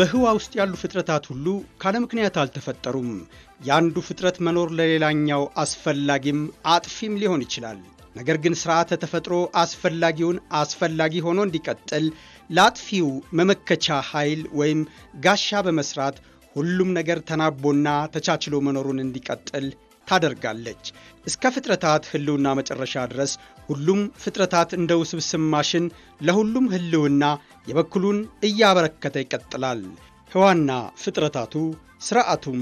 በህዋ ውስጥ ያሉ ፍጥረታት ሁሉ ካለ ምክንያት አልተፈጠሩም። የአንዱ ፍጥረት መኖር ለሌላኛው አስፈላጊም አጥፊም ሊሆን ይችላል። ነገር ግን ስርዓተ ተፈጥሮ አስፈላጊውን አስፈላጊ ሆኖ እንዲቀጥል ለአጥፊው መመከቻ ኃይል ወይም ጋሻ በመስራት ሁሉም ነገር ተናቦና ተቻችሎ መኖሩን እንዲቀጥል ታደርጋለች። እስከ ፍጥረታት ህልውና መጨረሻ ድረስ ሁሉም ፍጥረታት እንደ ውስብስብ ማሽን ለሁሉም ሕልውና የበኩሉን እያበረከተ ይቀጥላል። ሕዋና ፍጥረታቱ ሥርዓቱም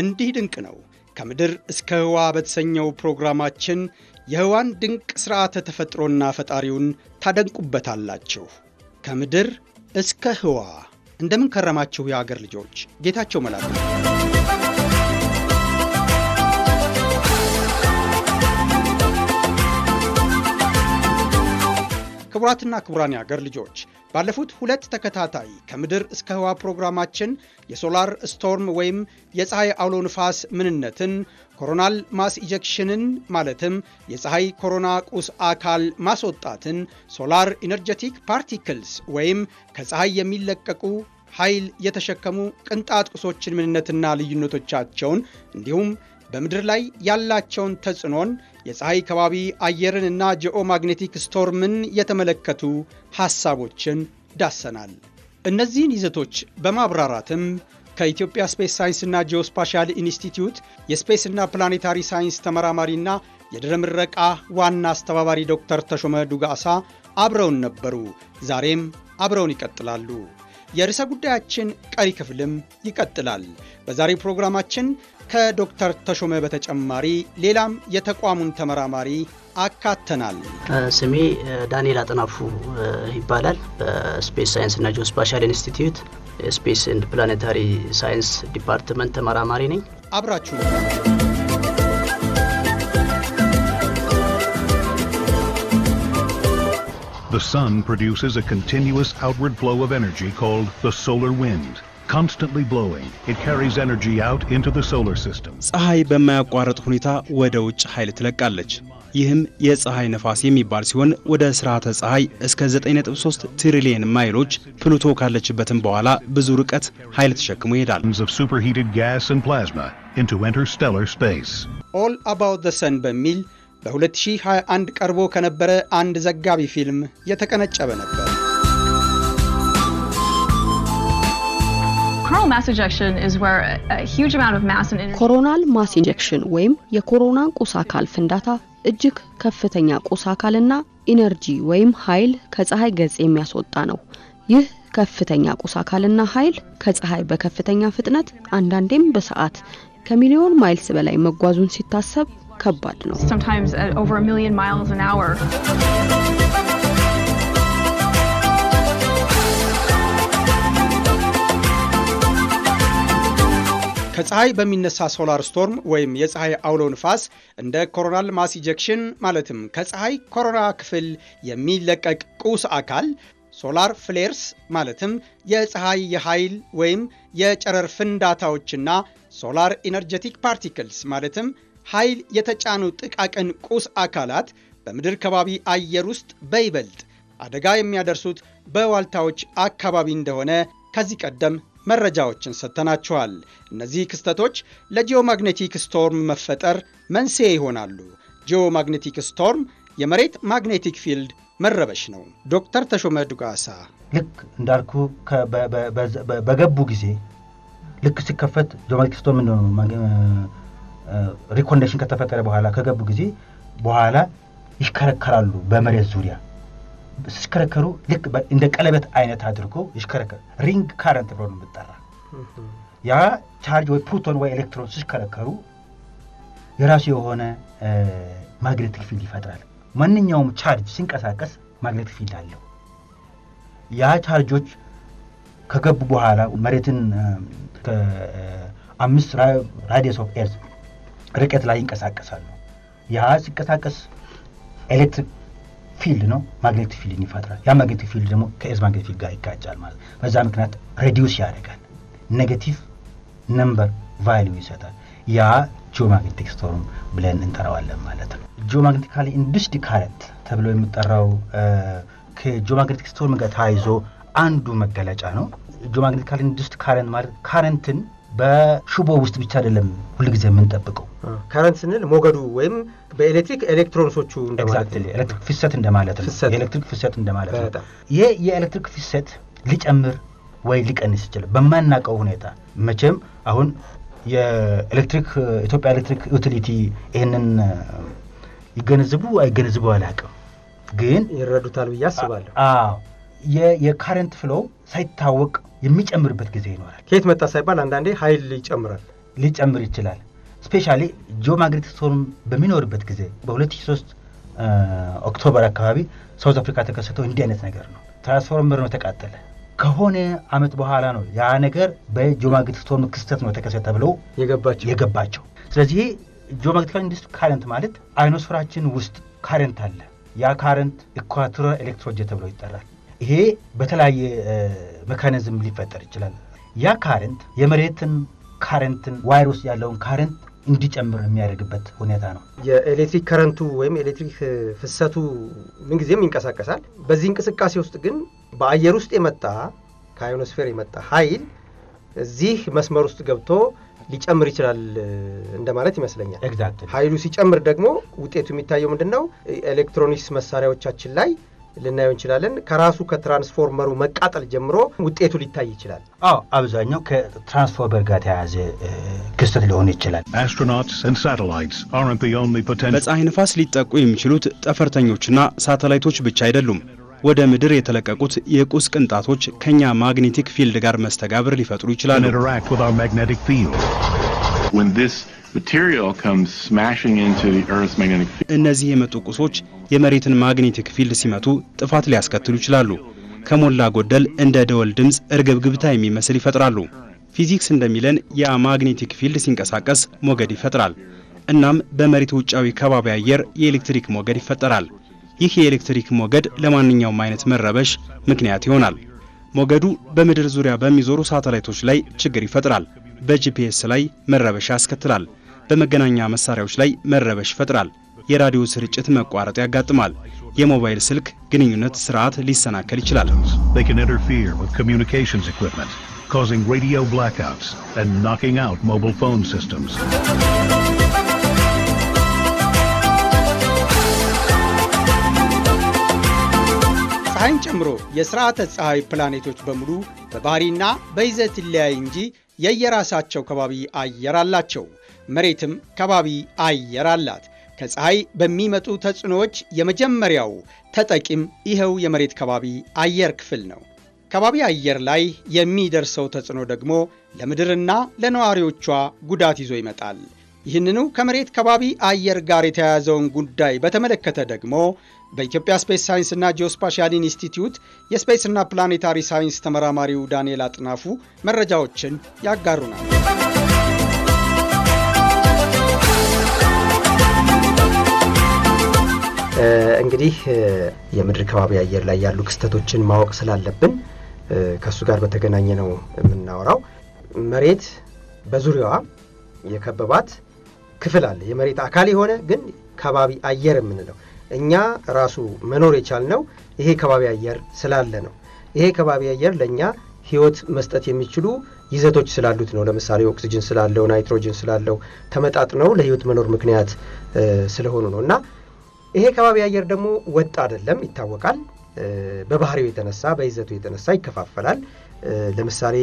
እንዲህ ድንቅ ነው። ከምድር እስከ ሕዋ በተሰኘው ፕሮግራማችን የሕዋን ድንቅ ሥርዓተ ተፈጥሮና ፈጣሪውን ታደንቁበታላችሁ። ከምድር እስከ ሕዋ እንደምን ከረማችሁ የአገር ልጆች? ጌታቸው መላክ ክቡራትና ክቡራን የአገር ልጆች ባለፉት ሁለት ተከታታይ ከምድር እስከ ህዋ ፕሮግራማችን የሶላር ስቶርም ወይም የፀሐይ አውሎ ንፋስ ምንነትን፣ ኮሮናል ማስ ኢጀክሽንን ማለትም የፀሐይ ኮሮና ቁስ አካል ማስወጣትን፣ ሶላር ኢነርጀቲክ ፓርቲክልስ ወይም ከፀሐይ የሚለቀቁ ኃይል የተሸከሙ ቅንጣት ቁሶችን ምንነትና ልዩነቶቻቸውን እንዲሁም በምድር ላይ ያላቸውን ተጽዕኖን የፀሐይ ከባቢ አየርንና ጂኦማግኔቲክ ስቶርምን የተመለከቱ ሐሳቦችን ዳሰናል። እነዚህን ይዘቶች በማብራራትም ከኢትዮጵያ ስፔስ ሳይንስና ጂኦስፓሻል ኢንስቲትዩት የስፔስና ፕላኔታሪ ሳይንስ ተመራማሪና የድረ ምረቃ ዋና አስተባባሪ ዶክተር ተሾመ ዱጋሳ አብረውን ነበሩ። ዛሬም አብረውን ይቀጥላሉ። የርዕሰ ጉዳያችን ቀሪ ክፍልም ይቀጥላል። በዛሬው ፕሮግራማችን ከዶክተር ተሾመ በተጨማሪ ሌላም የተቋሙን ተመራማሪ አካተናል። ስሜ ዳንኤል አጥናፉ ይባላል። በስፔስ ሳይንስ እና ጂኦስፓሻል ኢንስቲትዩት ስፔስ ኤንድ ፕላኔታሪ ሳይንስ ዲፓርትመንት ተመራማሪ ነኝ። አብራችሁ The sun produces a continuous outward flow of energy called the solar wind. constantly blowing, it carries energy out into the solar system. ፀሐይ በማያቋረጥ ሁኔታ ወደ ውጭ ኃይል ትለቃለች። ይህም የፀሐይ ነፋስ የሚባል ሲሆን ወደ ስርዓተ ፀሐይ እስከ 9.3 ትሪሊየን ማይሎች ፕሉቶ ካለችበትም በኋላ ብዙ ርቀት ኃይል ተሸክሞ ይሄዳል። ኦል አባውት ዘ ሰን በሚል በ2021 ቀርቦ ከነበረ አንድ ዘጋቢ ፊልም የተቀነጨበ ነበር። ኮሮናል ማስ ኢንጀክሽን ወይም የኮሮና ቁስ አካል ፍንዳታ እጅግ ከፍተኛ ቁስ አካልና ኢነርጂ ወይም ኃይል ከፀሐይ ገጽ የሚያስወጣ ነው። ይህ ከፍተኛ ቁስ አካልና ኃይል ከፀሐይ በከፍተኛ ፍጥነት አንዳንዴም በሰዓት ከሚሊዮን ማይልስ በላይ መጓዙን ሲታሰብ ከባድ ነው። ከፀሐይ በሚነሳ ሶላር ስቶርም ወይም የፀሐይ አውሎ ንፋስ እንደ ኮሮናል ማስ ኢጀክሽን ማለትም ከፀሐይ ኮሮና ክፍል የሚለቀቅ ቁስ አካል ሶላር ፍሌርስ ማለትም የፀሐይ የኃይል ወይም የጨረር ፍንዳታዎችና ሶላር ኢነርጀቲክ ፓርቲክልስ ማለትም ኃይል የተጫኑ ጥቃቅን ቁስ አካላት በምድር ከባቢ አየር ውስጥ በይበልጥ አደጋ የሚያደርሱት በዋልታዎች አካባቢ እንደሆነ ከዚህ ቀደም መረጃዎችን ሰጥተናቸዋል እነዚህ ክስተቶች ለጂኦማግኔቲክ ስቶርም መፈጠር መንስኤ ይሆናሉ። ጂኦማግኔቲክ ስቶርም የመሬት ማግኔቲክ ፊልድ መረበሽ ነው። ዶክተር ተሾመ ዱጋሳ ልክ እንዳልኩ በገቡ ጊዜ ልክ ሲከፈት ጂኦማግኔቲክ ስቶርም እንደሆነ ሪኮንዴሽን ከተፈጠረ በኋላ ከገቡ ጊዜ በኋላ ይሽከረከራሉ በመሬት ዙሪያ ሲሽከረከሩ ልክ እንደ ቀለበት አይነት አድርጎ ይሽከረከሩ ሪንግ ካረንት ብሎ ነው የምጠራ። ያ ቻርጅ ወይ ፕሮቶን ወይ ኤሌክትሮን ሲሽከረከሩ የራሱ የሆነ ማግኔቲክ ፊልድ ይፈጥራል። ማንኛውም ቻርጅ ሲንቀሳቀስ ማግኔቲክ ፊልድ አለው። ያ ቻርጆች ከገቡ በኋላ መሬትን ከአምስት ራዲየስ ኦፍ ኤርዝ ርቀት ላይ ይንቀሳቀሳሉ። ያ ሲንቀሳቀስ ኤሌክትሪክ ፊልድ ነው። ማግኔቲክ ፊልድን ይፈጥራል። ያ ማግኔቲክ ፊልድ ደግሞ ከኤርዝ ማግኔቲክ ፊልድ ጋር ይጋጫል ማለት ነው። በዛ ምክንያት ሬዲዩስ ያደርጋል። ኔጌቲቭ ነምበር ቫሊዩ ይሰጣል። ያ ጂኦማግኔቲክ ስቶርም ብለን እንጠራዋለን ማለት ነው። ጂኦማግኔቲካሊ ኢንዱስድ ካረንት ተብሎ የሚጠራው ከጂኦማግኔቲክ ስቶርም ጋር ተያይዞ አንዱ መገለጫ ነው። ጂኦማግኔቲካሊ ኢንዱስድ ካረንት ማለት ካረንትን በሽቦ ውስጥ ብቻ አይደለም ሁልጊዜ የምንጠብቀው። ከረንት ስንል ሞገዱ ወይም በኤሌክትሪክ ኤሌክትሮኖሶቹ እንደማለት ኤሌክትሪክ ፍሰት እንደማለት ነው። ኤሌክትሪክ ፍሰት እንደማለት ነው። ይህ የኤሌክትሪክ ፍሰት ሊጨምር ወይ ሊቀንስ ይችላል በማናውቀው ሁኔታ። መቼም አሁን የኤሌክትሪክ ኢትዮጵያ ኤሌክትሪክ ዩቲሊቲ ይህንን ይገነዝቡ አይገነዝቡ አላውቅም፣ ግን ይረዱታል ብዬ አስባለሁ። የካረንት ፍሎው ሳይታወቅ የሚጨምርበት ጊዜ ይኖራል። ከየት መጣ ሳይባል አንዳንዴ ኃይል ሊጨምራል ሊጨምር ይችላል። ስፔሻሊ ጂኦማግኔቲክ ስቶርም በሚኖርበት ጊዜ በ2003 ኦክቶበር አካባቢ ሳውዝ አፍሪካ ተከሰተው እንዲህ አይነት ነገር ነው። ትራንስፎርመር ነው ተቃጠለ። ከሆነ አመት በኋላ ነው ያ ነገር በጂኦማግኔቲክ ስቶርም ክስተት ነው ተከሰተ ብለው የገባቸው። ስለዚህ ጂኦማግኔቲካል ኢንዱስትሪ ካረንት ማለት አይኖስፈራችን ውስጥ ካረንት አለ። ያ ካረንት ኢኳቶሪያል ኤሌክትሮጀት ተብሎ ይጠራል። ይሄ በተለያየ መካኒዝም ሊፈጠር ይችላል። ያ ካረንት የመሬትን ካረንትን ዋይር ውስጥ ያለውን ካረንት እንዲጨምር የሚያደርግበት ሁኔታ ነው። የኤሌክትሪክ ከረንቱ ወይም ኤሌክትሪክ ፍሰቱ ምንጊዜም ይንቀሳቀሳል። በዚህ እንቅስቃሴ ውስጥ ግን በአየር ውስጥ የመጣ ከአዮኖስፌር የመጣ ኃይል እዚህ መስመር ውስጥ ገብቶ ሊጨምር ይችላል እንደማለት ይመስለኛል። ኃይሉ ሲጨምር ደግሞ ውጤቱ የሚታየው ምንድን ነው? ኤሌክትሮኒክስ መሳሪያዎቻችን ላይ ልናየው እንችላለን። ከራሱ ከትራንስፎርመሩ መቃጠል ጀምሮ ውጤቱ ሊታይ ይችላል። አዎ አብዛኛው ከትራንስፎርመር ጋር ተያያዘ ክስተት ሊሆን ይችላል። በፀሐይ ንፋስ ሊጠቁ የሚችሉት ጠፈርተኞችና ሳተላይቶች ብቻ አይደሉም። ወደ ምድር የተለቀቁት የቁስ ቅንጣቶች ከኛ ማግኔቲክ ፊልድ ጋር መስተጋብር ሊፈጥሩ ይችላሉ። እነዚህ የመጡ ቁሶች የመሬትን ማግኔቲክ ፊልድ ሲመቱ ጥፋት ሊያስከትሉ ይችላሉ። ከሞላ ጎደል እንደ ደወል ድምፅ እርግብግብታ የሚመስል ይፈጥራሉ። ፊዚክስ እንደሚለን ያ ማግኔቲክ ፊልድ ሲንቀሳቀስ ሞገድ ይፈጥራል። እናም በመሬት ውጫዊ ከባቢ አየር የኤሌክትሪክ ሞገድ ይፈጠራል። ይህ የኤሌክትሪክ ሞገድ ለማንኛውም አይነት መረበሽ ምክንያት ይሆናል። ሞገዱ በምድር ዙሪያ በሚዞሩ ሳተላይቶች ላይ ችግር ይፈጥራል። በጂፒኤስ ላይ መረበሽ ያስከትላል። በመገናኛ መሳሪያዎች ላይ መረበሽ ይፈጥራል። የራዲዮ ስርጭት መቋረጥ ያጋጥማል። የሞባይል ስልክ ግንኙነት ስርዓት ሊሰናከል ይችላል። ፀሐይን ጨምሮ የሥርዓተ ፀሐይ ፕላኔቶች በሙሉ በባህሪና በይዘት ይለያይ እንጂ የየራሳቸው ከባቢ አየር አላቸው። መሬትም ከባቢ አየር አላት። ከፀሐይ በሚመጡ ተጽዕኖዎች የመጀመሪያው ተጠቂም ይኸው የመሬት ከባቢ አየር ክፍል ነው። ከባቢ አየር ላይ የሚደርሰው ተጽዕኖ ደግሞ ለምድርና ለነዋሪዎቿ ጉዳት ይዞ ይመጣል። ይህንኑ ከመሬት ከባቢ አየር ጋር የተያያዘውን ጉዳይ በተመለከተ ደግሞ በኢትዮጵያ ስፔስ ሳይንስና ጂኦስፓሻል ኢንስቲትዩት የስፔስና ፕላኔታሪ ሳይንስ ተመራማሪው ዳንኤል አጥናፉ መረጃዎችን ያጋሩናል። እንግዲህ የምድር ከባቢ አየር ላይ ያሉ ክስተቶችን ማወቅ ስላለብን ከእሱ ጋር በተገናኘ ነው የምናወራው። መሬት በዙሪያዋ የከበባት ክፍል አለ። የመሬት አካል የሆነ ግን ከባቢ አየር የምንለው እኛ ራሱ መኖር የቻልነው ይሄ ከባቢ አየር ስላለ ነው። ይሄ ከባቢ አየር ለእኛ ህይወት መስጠት የሚችሉ ይዘቶች ስላሉት ነው። ለምሳሌ ኦክሲጅን ስላለው፣ ናይትሮጅን ስላለው ተመጣጥነው ለህይወት መኖር ምክንያት ስለሆኑ ነው እና ይሄ ከባቢ አየር ደግሞ ወጥ አይደለም ይታወቃል። በባህሪው የተነሳ በይዘቱ የተነሳ ይከፋፈላል። ለምሳሌ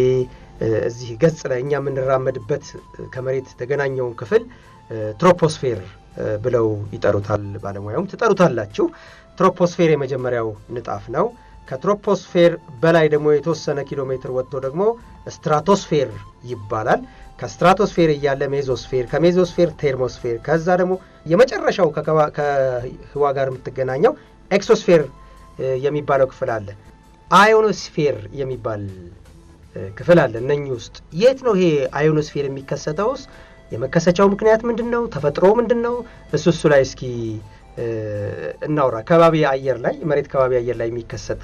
እዚህ ገጽ ላይ እኛ የምንራመድበት ከመሬት ተገናኘውን ክፍል ትሮፖስፌር ብለው ይጠሩታል። ባለሙያውም ትጠሩታላችሁ። ትሮፖስፌር የመጀመሪያው ንጣፍ ነው። ከትሮፖስፌር በላይ ደግሞ የተወሰነ ኪሎ ሜትር ወጥቶ ደግሞ ስትራቶስፌር ይባላል። ከስትራቶስፌር እያለ ሜዞስፌር፣ ከሜዞስፌር ቴርሞስፌር፣ ከዛ ደግሞ የመጨረሻው ከህዋ ጋር የምትገናኘው ኤክሶስፌር የሚባለው ክፍል አለ። አዮኖስፌር የሚባል ክፍል አለ። እነኚህ ውስጥ የት ነው ይሄ አዮኖስፌር የሚከሰተውስ? የመከሰቻው ምክንያት ምንድን ነው? ተፈጥሮ ምንድን ነው? እሱ እሱ ላይ እስኪ እናውራ። ከባቢ አየር ላይ መሬት ከባቢ አየር ላይ የሚከሰት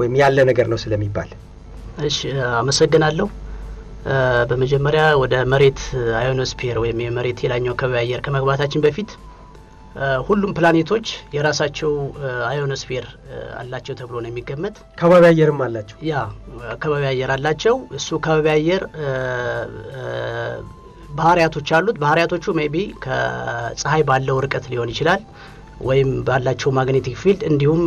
ወይም ያለ ነገር ነው ስለሚባል። እሺ፣ አመሰግናለሁ። በመጀመሪያ ወደ መሬት አዮኖስፔር ወይም የመሬት የላኛው ከባቢ አየር ከመግባታችን በፊት ሁሉም ፕላኔቶች የራሳቸው አዮኖስፌር አላቸው ተብሎ ነው የሚገመት። ከባቢ አየርም አላቸው። ያ ከባቢ አየር አላቸው። እሱ ከባቢ አየር ባህሪያቶች አሉት። ባህሪያቶቹ ሜቢ ከፀሐይ ባለው ርቀት ሊሆን ይችላል ወይም ባላቸው ማግኔቲክ ፊልድ እንዲሁም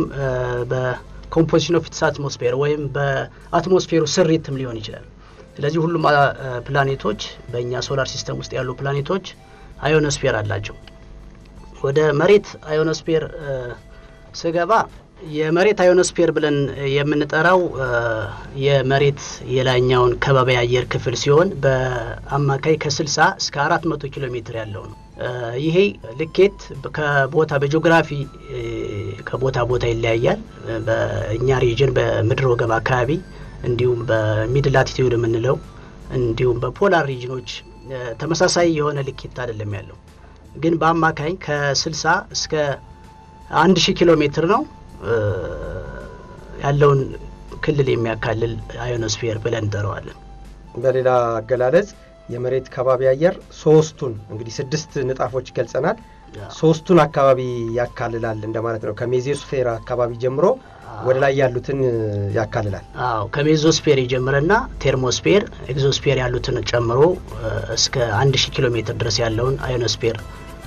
በኮምፖዚሽን ኦፍ ኢትስ አትሞስፌር ወይም በአትሞስፌሩ ስሪትም ሊሆን ይችላል። ስለዚህ ሁሉም ፕላኔቶች በእኛ ሶላር ሲስተም ውስጥ ያሉ ፕላኔቶች አዮኖስፌር አላቸው። ወደ መሬት አዮኖስፌር ስገባ የመሬት አዮኖስፌር ብለን የምንጠራው የመሬት የላይኛውን ከባቢ አየር ክፍል ሲሆን በአማካይ ከ60 እስከ 400 ኪሎ ሜትር ያለው ነው። ይሄ ልኬት ከቦታ በጂኦግራፊ ከቦታ ቦታ ይለያያል። በእኛ ሪጅን በምድር ወገብ አካባቢ እንዲሁም በሚድ ላቲቲዩድ የምንለው እንዲሁም በፖላር ሪጅኖች ተመሳሳይ የሆነ ልኬት አይደለም ያለው። ግን በአማካኝ ከ60 እስከ 1000 ኪሎ ሜትር ነው ያለውን ክልል የሚያካልል አዮኖስፌር ብለን እንጠራዋለን። በሌላ አገላለጽ የመሬት ከባቢ አየር ሶስቱን እንግዲህ ስድስት ንጣፎች ገልጸናል። ሶስቱን አካባቢ ያካልላል እንደማለት ነው። ከሜዞስፌር አካባቢ ጀምሮ ወደ ላይ ያሉትን ያካልላል። አዎ ከሜዞስፔር ይጀምርና ቴርሞስፔር፣ ኤግዞስፔር ያሉትን ጨምሮ እስከ 1000 ኪሎ ሜትር ድረስ ያለውን አዮኖስፔር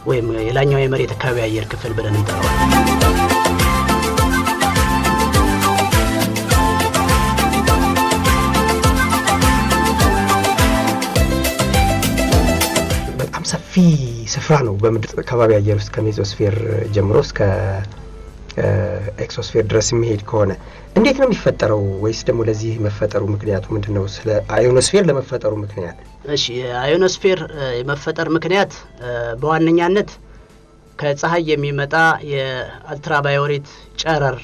ወይም የላኛው የመሬት አካባቢ አየር ክፍል ብለን እንጠራዋለን። በጣም ሰፊ ስፍራ ነው በምድር ከባቢ አየር ውስጥ ከሜዞስፌር ጀምሮ እስከ ኤክሶስፌር ድረስ የሚሄድ ከሆነ እንዴት ነው የሚፈጠረው? ወይስ ደግሞ ለዚህ መፈጠሩ ምክንያቱ ምንድን ነው? ስለ አዮኖስፌር ለመፈጠሩ ምክንያት። እሺ፣ የአዮኖስፌር የመፈጠር ምክንያት በዋነኛነት ከፀሐይ የሚመጣ የአልትራቫዮሌት ጨረር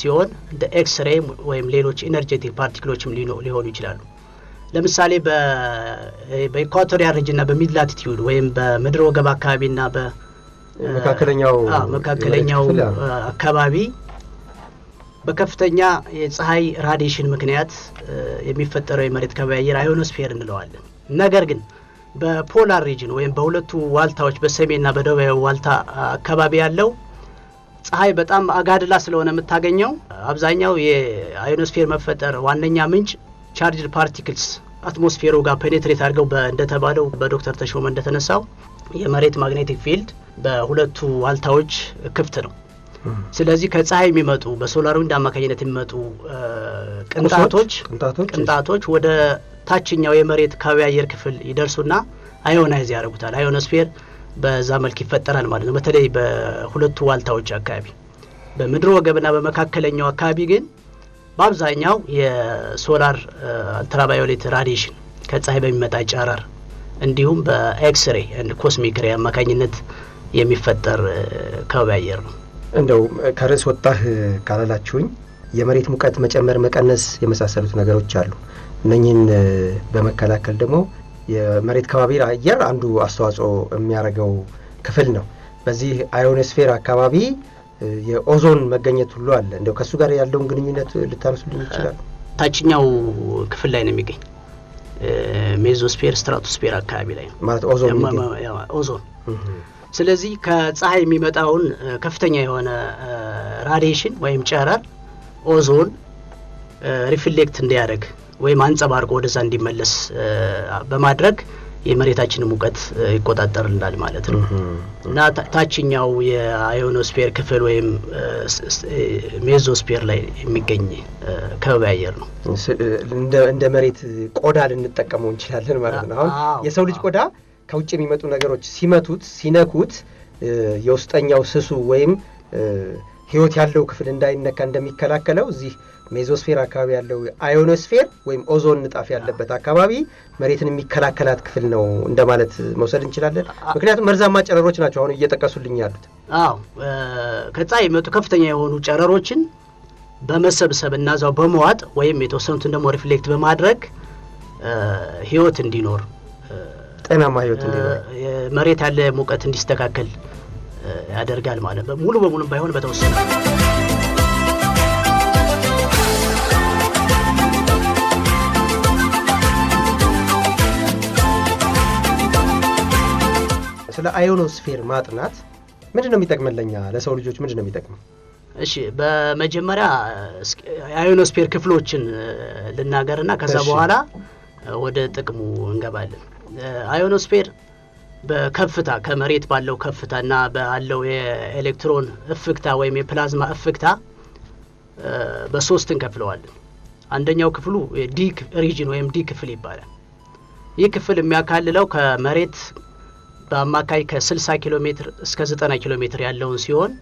ሲሆን እንደ ኤክስሬ ወይም ሌሎች ኢነርጄቲክ ፓርቲክሎችም ሊሆኑ ይችላሉ። ለምሳሌ በኢኳቶሪያል ሪጅንና በሚድ ላቲቲዩድ ወይም በምድር ወገብ አካባቢና መካከለኛው መካከለኛው አካባቢ በከፍተኛ የፀሐይ ራዲሽን ምክንያት የሚፈጠረው የመሬት ከባቢ አየር አዮኖስፌር እንለዋለን። ነገር ግን በፖላር ሪጅን ወይም በሁለቱ ዋልታዎች በሰሜንና በደቡባዊ ዋልታ አካባቢ ያለው ፀሐይ በጣም አጋድላ ስለሆነ የምታገኘው አብዛኛው የአዮኖስፌር መፈጠር ዋነኛ ምንጭ ቻርጅድ ፓርቲክልስ አትሞስፌሩ ጋር ፔኔትሬት አድርገው እንደተባለው በዶክተር ተሾመ እንደተነሳው የመሬት ማግኔቲክ ፊልድ በሁለቱ ዋልታዎች ክፍት ነው። ስለዚህ ከፀሐይ የሚመጡ በሶላር ዊንድ አማካኝነት የሚመጡ ቅንጣቶች ቅንጣቶች ወደ ታችኛው የመሬት ካዊ አየር ክፍል ይደርሱና አዮናይዝ ያደርጉታል። አዮኖስፌር በዛ መልክ ይፈጠራል ማለት ነው። በተለይ በሁለቱ ዋልታዎች አካባቢ፣ በምድር ወገብና በመካከለኛው አካባቢ ግን በአብዛኛው የሶላር አልትራቫዮሌት ራዲሽን ከፀሐይ በሚመጣ ጨረር እንዲሁም በኤክስሬ ኮስሚክ አማካኝነት የሚፈጠር ከባቢ አየር ነው። እንደው ከርዕስ ወጣህ ካላላችሁኝ የመሬት ሙቀት መጨመር፣ መቀነስ የመሳሰሉት ነገሮች አሉ። እነኝህን በመከላከል ደግሞ የመሬት ከባቢ አየር አንዱ አስተዋጽኦ የሚያደርገው ክፍል ነው። በዚህ አዮኖስፌር አካባቢ የኦዞን መገኘት ሁሉ አለ። እንደው ከእሱ ጋር ያለውን ግንኙነት ልታነሱልን ይችላል? ታችኛው ክፍል ላይ ነው የሚገኝ ሜዞስፌር ስትራቶስፌር አካባቢ ላይ ነው ማለት ኦዞን ኦዞን ስለዚህ ከፀሐይ የሚመጣውን ከፍተኛ የሆነ ራዲሽን ወይም ጨረር ኦዞን ሪፍሌክት እንዲያደርግ ወይም አንጸባርቆ ወደዛ እንዲመለስ በማድረግ የመሬታችንን ሙቀት ይቆጣጠርልናል ማለት ነው እና ታችኛው የአዮኖስፔር ክፍል ወይም ሜዞስፔር ላይ የሚገኝ ከባቢ አየር ነው። እንደ መሬት ቆዳ ልንጠቀመው እንችላለን ማለት ነው። አሁን የሰው ልጅ ቆዳ ከውጭ የሚመጡ ነገሮች ሲመቱት ሲነኩት የውስጠኛው ስሱ ወይም ህይወት ያለው ክፍል እንዳይነካ እንደሚከላከለው እዚህ ሜዞስፌር አካባቢ ያለው አዮኖስፌር ወይም ኦዞን ንጣፍ ያለበት አካባቢ መሬትን የሚከላከላት ክፍል ነው እንደማለት መውሰድ እንችላለን። ምክንያቱም መርዛማ ጨረሮች ናቸው አሁን እየጠቀሱልኝ ያሉት። አዎ ከፀሐይ የመጡ ከፍተኛ የሆኑ ጨረሮችን በመሰብሰብ እና ዛው በመዋጥ ወይም የተወሰኑትን ደግሞ ሪፍሌክት በማድረግ ህይወት እንዲኖር ጤናማ ህይወት መሬት ያለ ሙቀት እንዲስተካከል ያደርጋል ማለት ነው። ሙሉ በሙሉ ባይሆን በተወሰነ ስለ አዮኖስፌር ማጥናት ምንድን ነው የሚጠቅመን? ለሰው ልጆች ምንድን ነው የሚጠቅመው? እሺ በመጀመሪያ አዮኖስፌር ክፍሎችን ልናገርና ከዛ በኋላ ወደ ጥቅሙ እንገባለን። አዮኖስፔር በከፍታ ከመሬት ባለው ከፍታ እና ባለው የኤሌክትሮን እፍግታ ወይም የፕላዝማ እፍግታ በሶስት እንከፍለዋለን። አንደኛው ክፍሉ ዲ ሪጅን ወይም ዲ ክፍል ይባላል። ይህ ክፍል የሚያካልለው ከመሬት በአማካይ ከ60 ኪሎ ሜትር እስከ 90 ኪሎ ሜትር ያለውን ሲሆን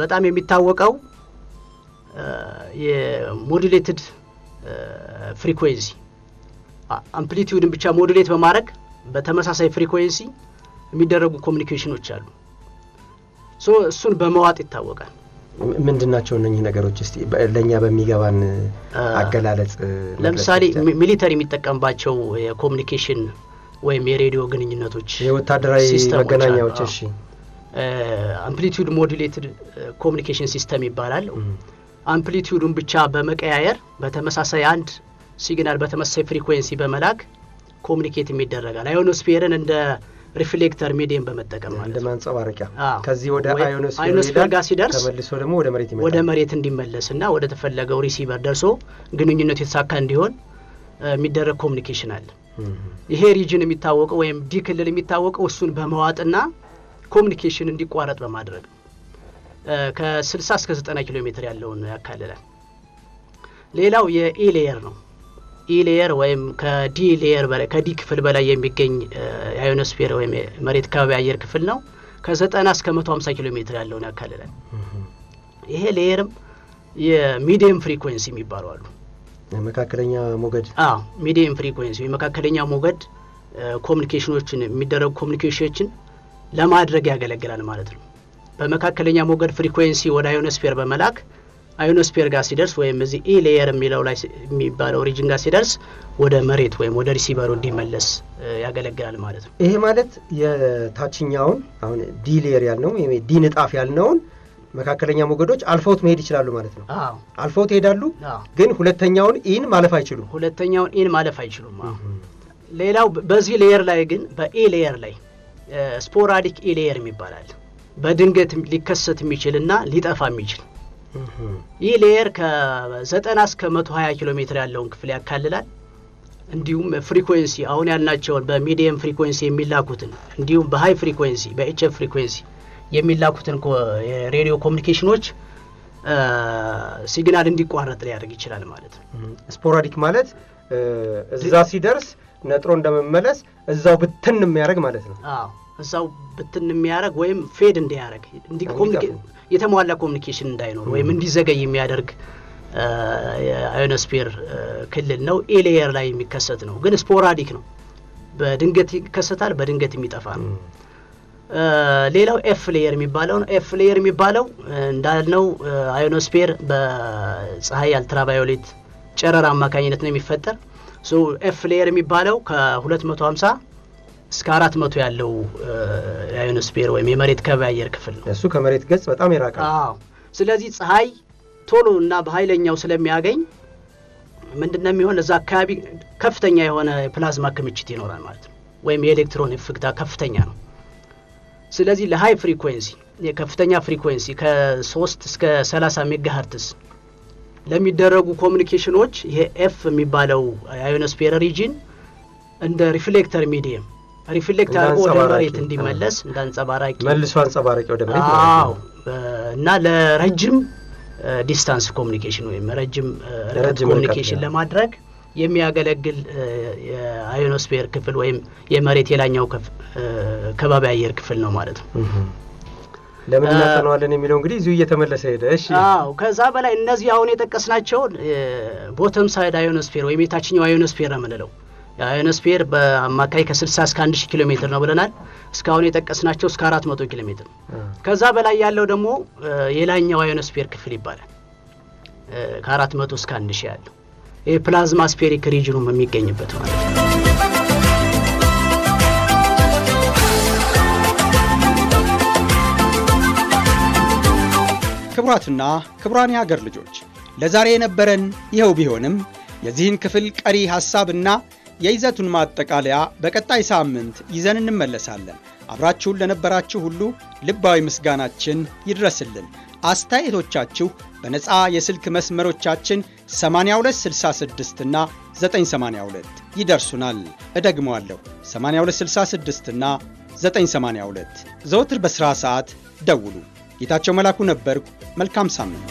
በጣም የሚታወቀው የሞዱሌትድ ፍሪኩዌንሲ አምፕሊቲዩድን ብቻ ሞዱሌት በማድረግ በተመሳሳይ ፍሪኩዌንሲ የሚደረጉ ኮሚኒኬሽኖች አሉ። እሱን በመዋጥ ይታወቃል። ምንድን ናቸው ነገሮች? እስቲ ለእኛ በሚገባን አገላለጽ ለምሳሌ ሚሊተሪ የሚጠቀምባቸው የኮሚኒኬሽን ወይም የሬዲዮ ግንኙነቶች የወታደራዊ መገናኛዎች እሺ አምፕሊቲዩድ ሞዱሌትድ ኮሚኒኬሽን ሲስተም ይባላል። አምፕሊቲዩዱን ብቻ በመቀያየር በተመሳሳይ አንድ ሲግናል በተመሳሳይ ፍሪኩዌንሲ በመላክ ኮሚኒኬት የሚደረጋል። አዮኖስፌርን እንደ ሪፍሌክተር ሚዲየም በመጠቀም ማለት ነው። ማንጸባረቂያ ከዚህ ወደ አዮኖስፌር ጋር ሲደርስ ተመልሶ ደግሞ ወደ መሬት ወደ መሬት እንዲመለስና ወደ ተፈለገው ሪሲቨር ደርሶ ግንኙነቱ የተሳካ እንዲሆን የሚደረግ ኮሚኒኬሽን አለ። ይሄ ሪጅን የሚታወቀው ወይም ዲ ክልል የሚታወቀው እሱን በመዋጥና ኮሚኒኬሽን እንዲቋረጥ በማድረግ ከ60 እስከ 90 ኪሎ ሜትር ያለውን ያካልላል። ሌላው የኢሌየር ሌየር ነው። ኢ ሌየር ወይም ከዲ ሌየር በላይ ከዲ ክፍል በላይ የሚገኝ አዮኖስፌር ወይም መሬት ከባቢ አየር ክፍል ነው። ከዘጠና እስከ መቶ ሀምሳ ኪሎ ሜትር ያለውን ያካልላል። ይሄ ሌየርም የሚዲየም ፍሪኩዌንሲ የሚባሉ አሉ። መካከለኛ ሞገድ አዎ፣ ሚዲየም ፍሪኮንሲ መካከለኛ ሞገድ ኮሚኒኬሽኖችን የሚደረጉ ኮሚኒኬሽኖችን ለማድረግ ያገለግላል ማለት ነው። በመካከለኛ ሞገድ ፍሪኮንሲ ወደ አዮኖስፌር በመላክ አዮኖስፔር ጋር ሲደርስ ወይም እዚህ ኢ e ሌየር የሚለው ላይ የሚባለው ሪጅን ጋር ሲደርስ ወደ መሬት ወይም ወደ ሪሲቨሩ እንዲመለስ ያገለግላል ማለት ነው። ይሄ ማለት የታችኛውን አሁን ዲ ሌየር ያልነው ወይም ዲ ንጣፍ ያልነውን መካከለኛ ሞገዶች አልፈውት መሄድ ይችላሉ ማለት ነው። አልፈውት ይሄዳሉ፣ ግን ሁለተኛውን ኢን ማለፍ አይችሉም። ሁለተኛውን ኢን ማለፍ አይችሉም። ሌላው በዚህ ሌየር ላይ ግን በኤ ሌየር e ላይ ስፖራዲክ ኢ ሌየር የሚባላል በድንገት ሊከሰት የሚችል እና ሊጠፋ የሚችል ይህ ሌየር ከ90 እስከ 120 ኪሎ ሜትር ያለውን ክፍል ያካልላል። እንዲሁም ፍሪኩንሲ አሁን ያልናቸውን በሚዲየም ፍሪኮንሲ የሚላኩትን እንዲሁም በሀይ ፍሪኮንሲ በኤች ፍሪኩዌንሲ የሚላኩትን የሬዲዮ ኮሚኒኬሽኖች ሲግናል እንዲቋረጥ ሊያደርግ ይችላል ማለት ነው። ስፖራዲክ ማለት እዛ ሲደርስ ነጥሮ እንደመመለስ እዛው ብትን የሚያደርግ ማለት ነው። እዛው ብትን የሚያደረግ ወይም ፌድ እንዲያደረግ የተሟላ ኮሚኒኬሽን እንዳይኖር ወይም እንዲዘገይ የሚያደርግ አዮኖስፔር ክልል ነው። ኤሌየር ላይ የሚከሰት ነው፣ ግን ስፖራዲክ ነው። በድንገት ይከሰታል፣ በድንገት የሚጠፋ ነው። ሌላው ኤፍ ሌየር የሚባለው ነው። ኤፍ ሌየር የሚባለው እንዳልነው አዮኖስፔር በፀሐይ አልትራቫዮሌት ጨረር አማካኝነት ነው የሚፈጠር። ኤፍ ሌየር የሚባለው ከ250 እስከ አራት መቶ ያለው የአዮኖስፔር ወይም የመሬት ከበብ አየር ክፍል ነው። እሱ ከመሬት ገጽ በጣም ይራቃል። ስለዚህ ፀሐይ ቶሎ እና በኃይለኛው ስለሚያገኝ ምንድነው የሚሆን እዛ አካባቢ ከፍተኛ የሆነ ፕላዝማ ክምችት ይኖራል ማለት ነው። ወይም የኤሌክትሮን ፍግታ ከፍተኛ ነው። ስለዚህ ለሀይ ፍሪኩዌንሲ የከፍተኛ ፍሪኩዌንሲ ከሶስት እስከ ሰላሳ ሜጋሀርትስ ለሚደረጉ ኮሚኒኬሽኖች ይሄ ኤፍ የሚባለው የአዮኖስፔር ሪጂን እንደ ሪፍሌክተር ሚዲየም ሪፍሌክት አድርጎ ወደ መሬት እንዲመለስ እንደ አንጸባራቂ መልሶ አንጸባራቂ ወደ መሬት እና ለረጅም ዲስታንስ ኮሚኒኬሽን ወይም ረጅም ረጅም ኮሚኒኬሽን ለማድረግ የሚያገለግል የአዮኖስፌር ክፍል ወይም የመሬት የላኛው ከባቢ አየር ክፍል ነው ማለት ነው። ለምን እናጠናዋለን የሚለው እንግዲህ እዚሁ እየተመለሰ ሄደ። እሺ፣ አዎ። ከዛ በላይ እነዚህ አሁን የጠቀስ ናቸውን ቦተም ሳይድ አዮኖስፌር ወይም የታችኛው አዮኖስፌር ነው የምንለው አዮኖስፌር በአማካይ ከ60 እስከ 1000 ኪሎ ሜትር ነው ብለናል። እስካሁን የጠቀስናቸው እስከ 400 ኪሎ ሜትር ከዛ በላይ ያለው ደግሞ የላይኛው አዮኖስፌር ክፍል ይባላል። ከ400 እስከ 1000 ያለው ይህ ፕላዝማ ስፌሪክ ሪጅኑም የሚገኝበት ማለት ነው። ክቡራትና ክቡራን የአገር ልጆች ለዛሬ የነበረን ይኸው ቢሆንም የዚህን ክፍል ቀሪ ሐሳብና የይዘቱን ማጠቃለያ በቀጣይ ሳምንት ይዘን እንመለሳለን። አብራችሁን ለነበራችሁ ሁሉ ልባዊ ምስጋናችን ይድረስልን። አስተያየቶቻችሁ በነፃ የስልክ መስመሮቻችን 8266 ና 982 ይደርሱናል። እደግመዋለሁ፣ 8266 8266ና 982። ዘወትር በሥራ ሰዓት ደውሉ። ጌታቸው መላኩ ነበርኩ። መልካም ሳምንት